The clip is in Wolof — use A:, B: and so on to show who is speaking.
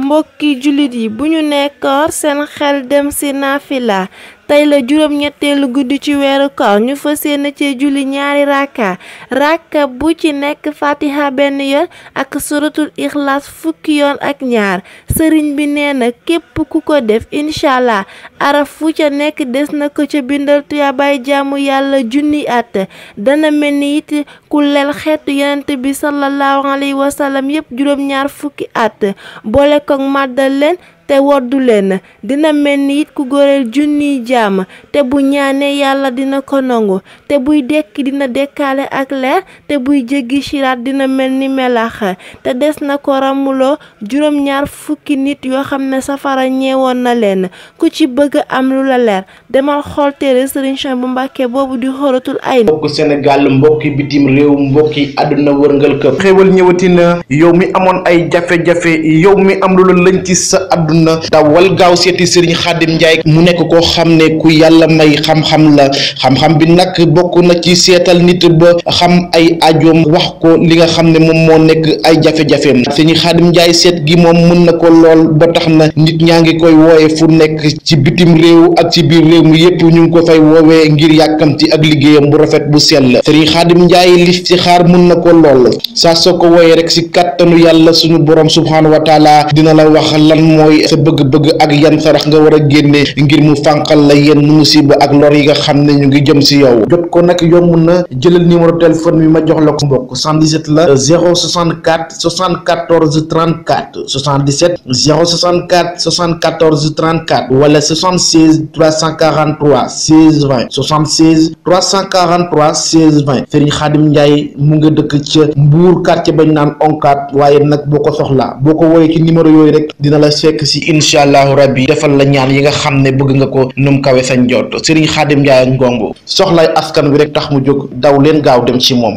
A: mbokki jullit yi bu ñu nekkoor seen xel dem ci naafila tey la juróom-ñetteelu guddi ci weeru koor ñu fa yéene cee julli ñaari rakka rakka bu ci nekk fatiha benn yoon ak suratul ixlaas fukki yoon ak ñaar sëriñ bi nee na képp ku ko def incha allah araf fu ca nekk des na ko ca bindal tuyaabay jaamu yàlla junni at dana mel ni it ku leel xeetu yonent bi sallallahu alayhi wa sallam yépp juróom-ñaar fukki at boole ko màddal leen te woddu leen dina mel ni it ku góoreel junniy jaam te bu ñaanee yàlla dina ko nangu te buy dekki dina dekkaale ak leer te buy jéggi siraat dina mel ni melax te des na ko ramuloo juróom-ñaar fukki nit yoo xam ne safara ñeewoon na leen ku ci bëgg am lu la leer demal xool téere Sëriñ Suhaybu Mbàkke boobu di xóoratul ay mbokki
B: Sénégal mbokki bitim réew mbokki àdduna wërngal këpp xéewal ñëwati yow mi amoon ay jafe-jafe yow mi am lu la lëñ ci sa àdduna dawal gaaw seeti sëriñ xaadim njaay mu nekk koo xam ne ku yàlla may xam-xam la xam-xam bi nag bokk na ci seetal nit ba xam ay ajoom wax ko li nga xam ne moom moo nekk ay jafe-jafeem sëriñ xaadim njaay seet gi moom mën na ko lool ba tax na nit ñaa ngi koy woowe fu nekk ci bitim réew ak ci biir réew mi yépp ñu ngi ko fay woowee ngir yàkkamti ak liggéeyam bu rafet bu sell sëriñ xaadim njaay li ci xaar mën na ko lool saa soo ko wooyee rek si kat kàttanu yàlla suñu borom subhaanahu wa dina la wax lan mooy sa bëgg-bëgg ak yan sarax nga war a génne ngir mu fànqal la yenn musiba ak lor yi nga xam ne ñu ngi jëm si yow jot ko nag yomb na jëlal numéro téléphone bi ma jox la ko mbokk 77 la 064 74 34 77 064 74 34 wala 76 343 16 20 76 343 16 20 Serigne Khadim Ndiaye mu nga dëkk ca Mbour quartier bañ naan onkat waaye nag boo ko soxlaa boo ko woowee ci numéro yooyu rek dina la fekk si incha allahu yi defal la ñaan yi nga xam ne bëgg nga ko num kawe sañ jot Serigne Khadim Ndiaye Ngongo soxlay askan wi rek tax mu jóg daw leen gaaw dem ci moom